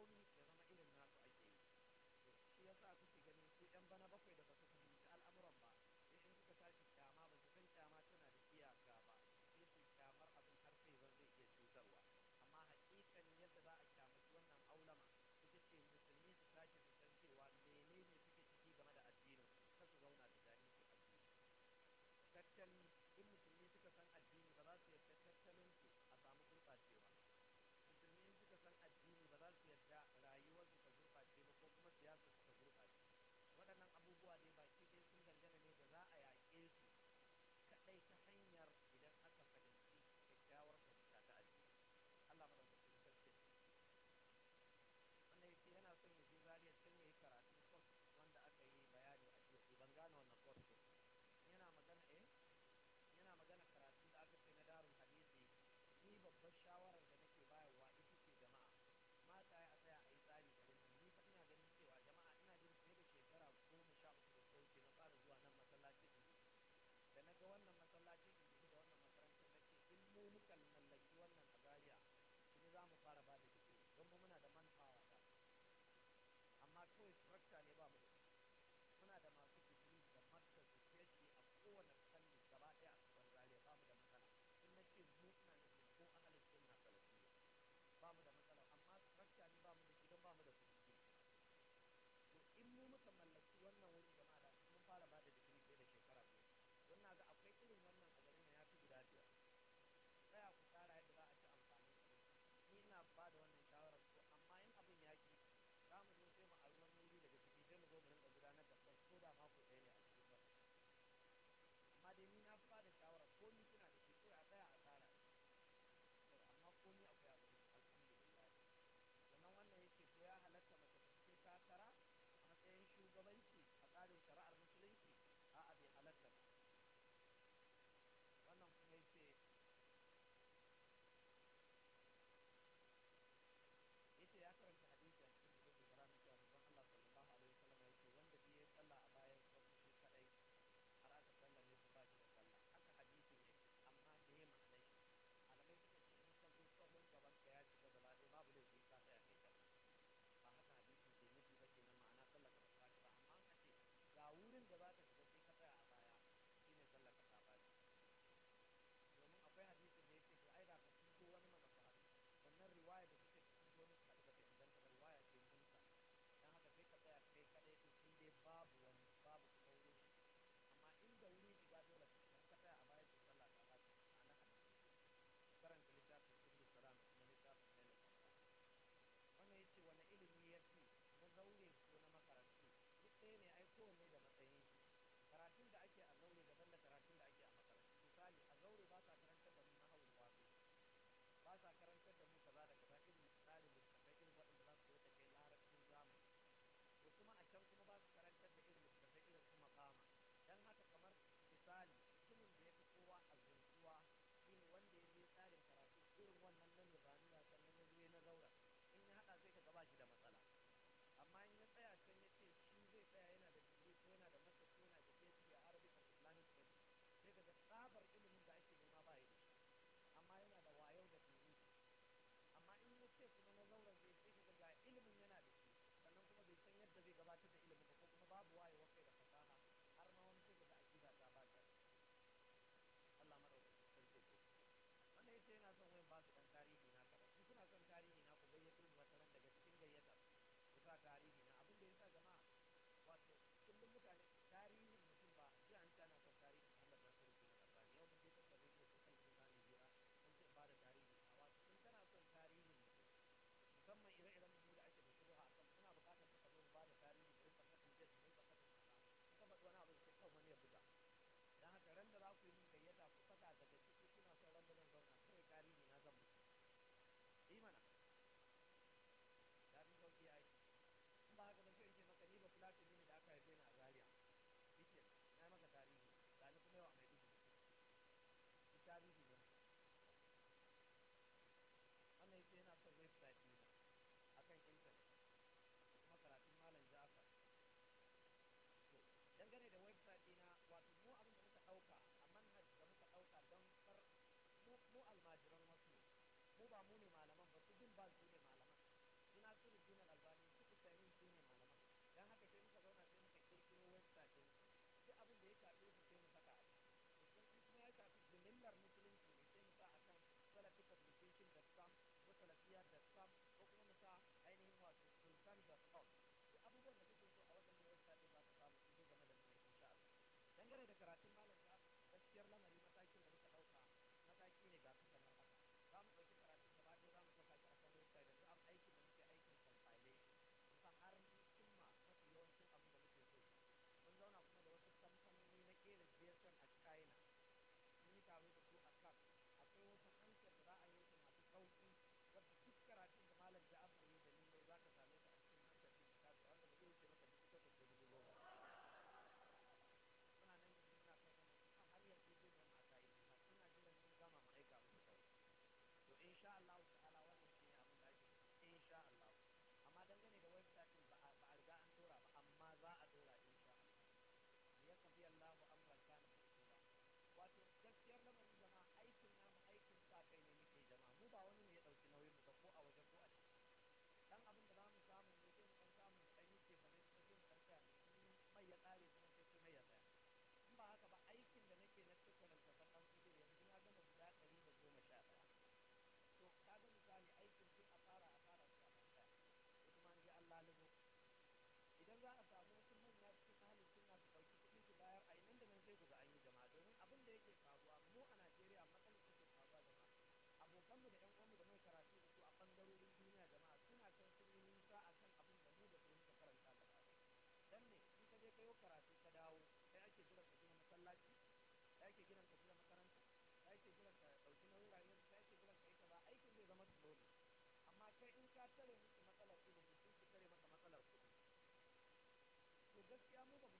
40 babbar shawarar da nake bayarwa ita ce jama'a mata ya tsaya a yi tsari da wani ni fa ina ganin cewa jama'a ina jin fiye da shekara goma sha uku da sauke na fara zuwa nan masallacin da na ga wannan masallacin da da wannan makarantar na ce in mu muka mallaki wannan azariya, in za mu fara ba da don mu muna da manfawa ta amma kawai structure ne ba mu ba mu da matsala amma rakta ne ba mu da idan ba mu da kuɗi to in mu muka mallaki wannan wurin jama'a da mun fara ba da digiri da shekara biyu don na ga akwai irin wannan a garin ya fi guda biyar tsaya ku tsara yadda za a ci amfani ni ina ba da wannan shawarar ko amma in abin ya ki za mu zo sai mu a ruwan wuri daga ciki sai mu zo mu rinka gudanar da ko da mako ɗaya ne a cikin amma dai ni na fi ba da that easy. mu almajiran wasu mu ba mu ne malaman ba su bin ba su ne ka tare musu matsalar ilimi sun ki tare maka matsalar kuɗi to gaskiya mu ba mu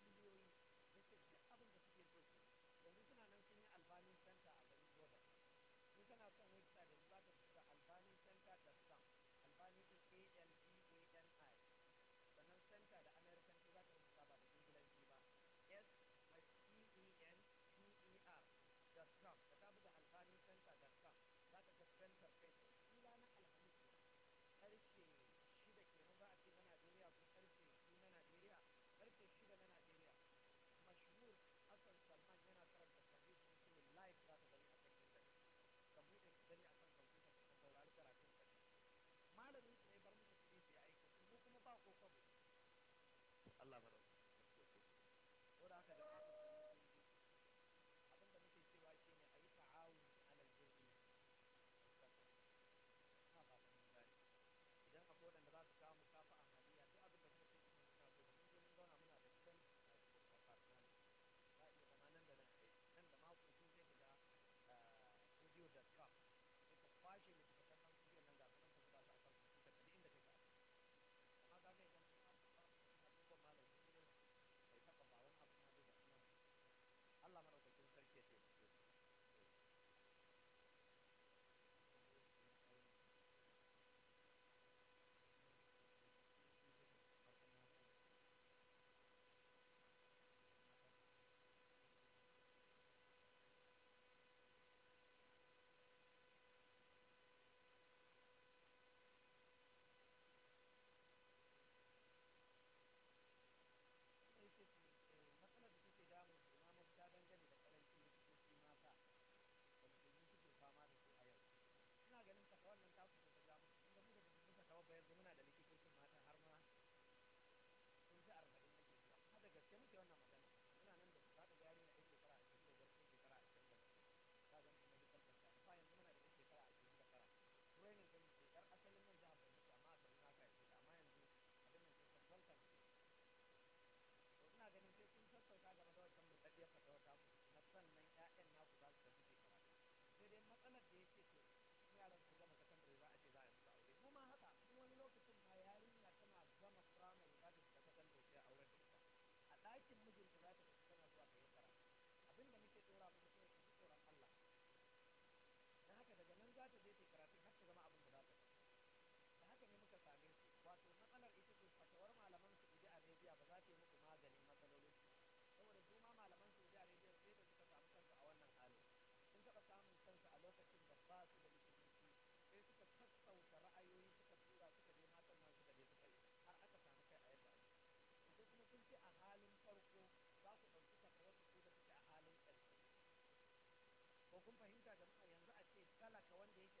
kun fahimta jama'a yanzu a ce talaka wanda yake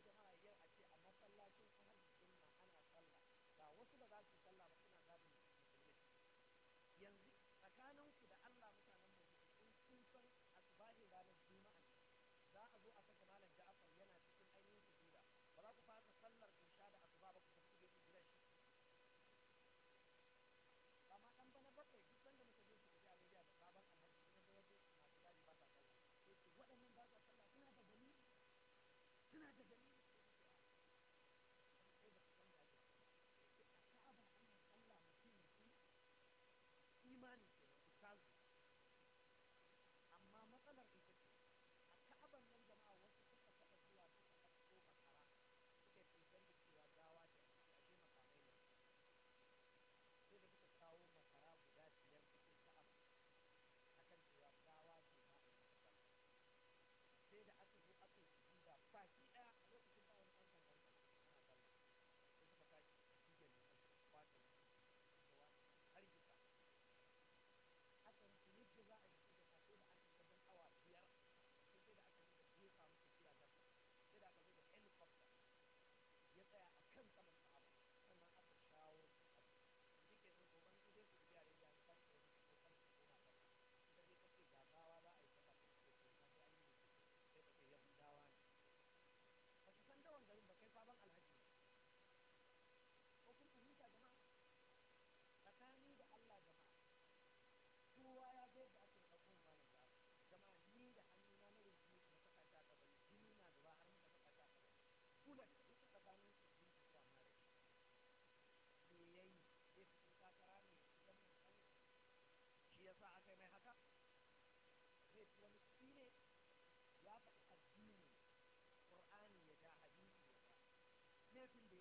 can be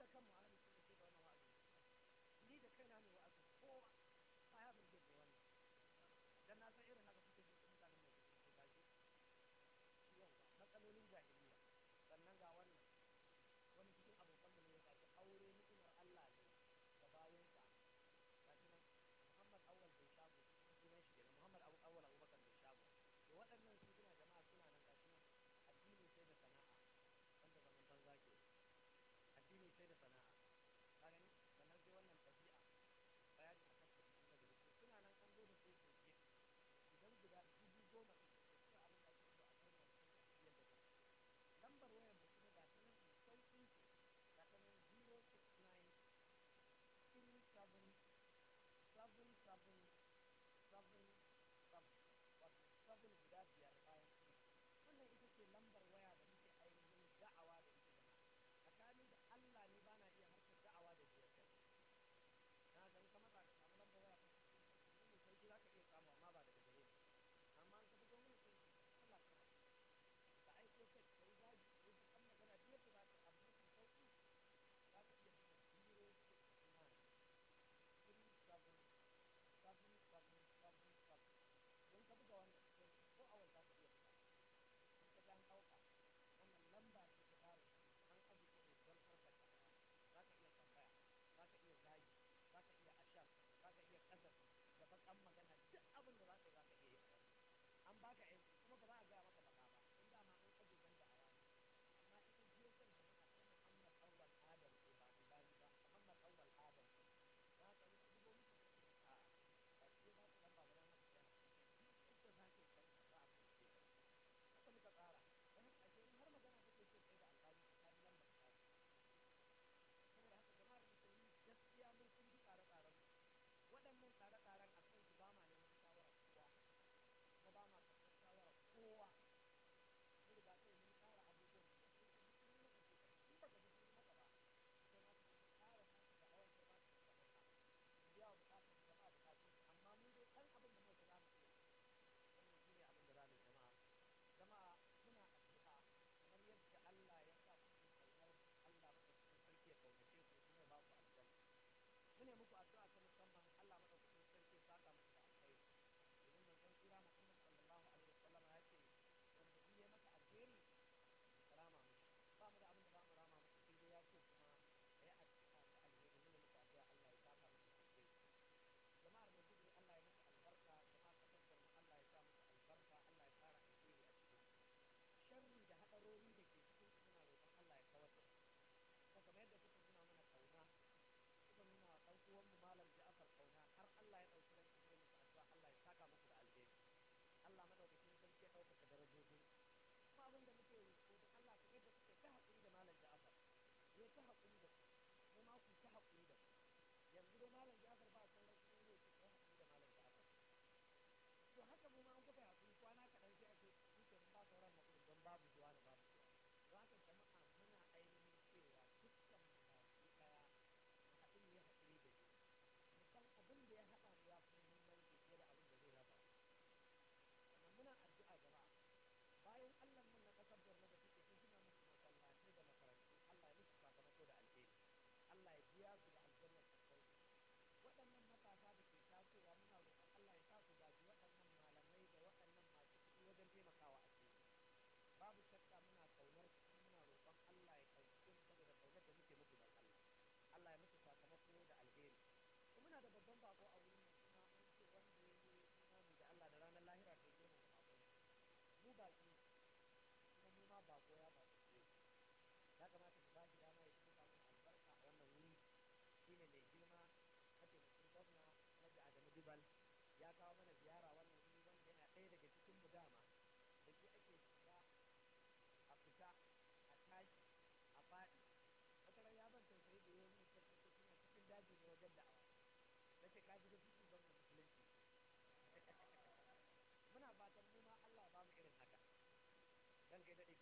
da kanmu aiki ne wajen da'awa na ce ka shiga cikin ban musulunci muna fatan mu ma Allah ba mu irin haka dan kai daɗe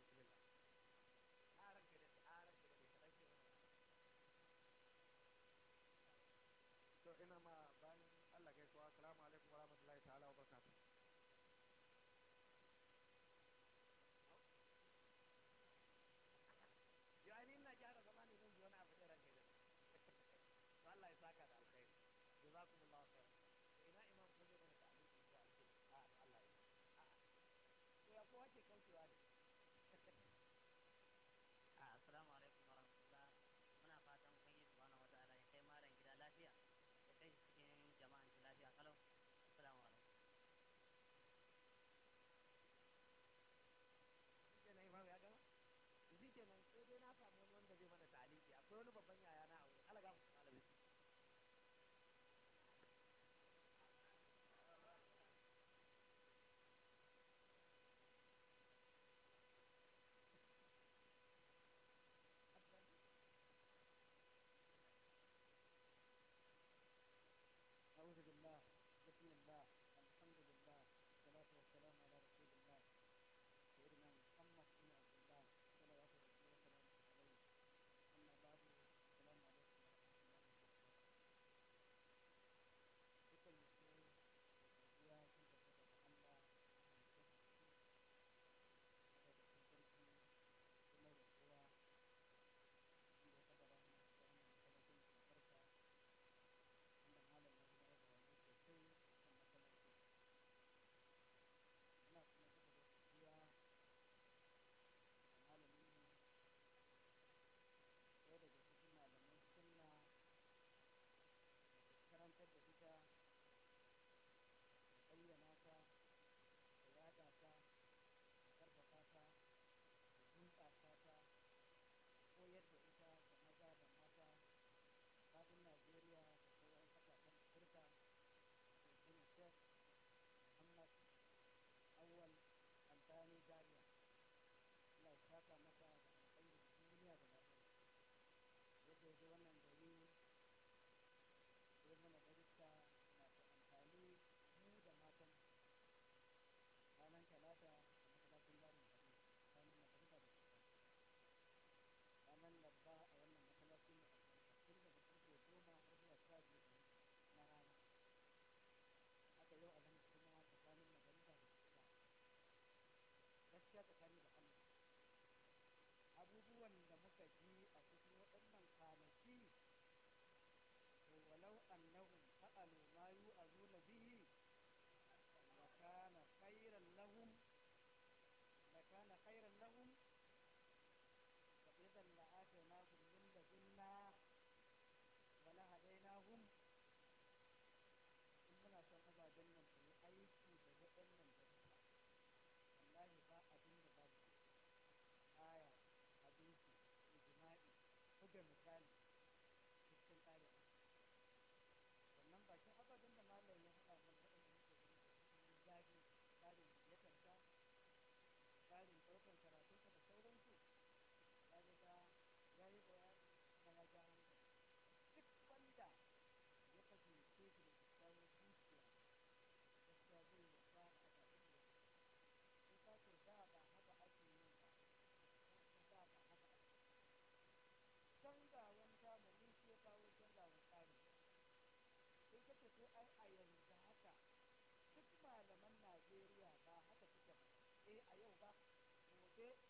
ai a yanzu haka duk malaman Najeriya ba haka suke ba eh a yau ba gobe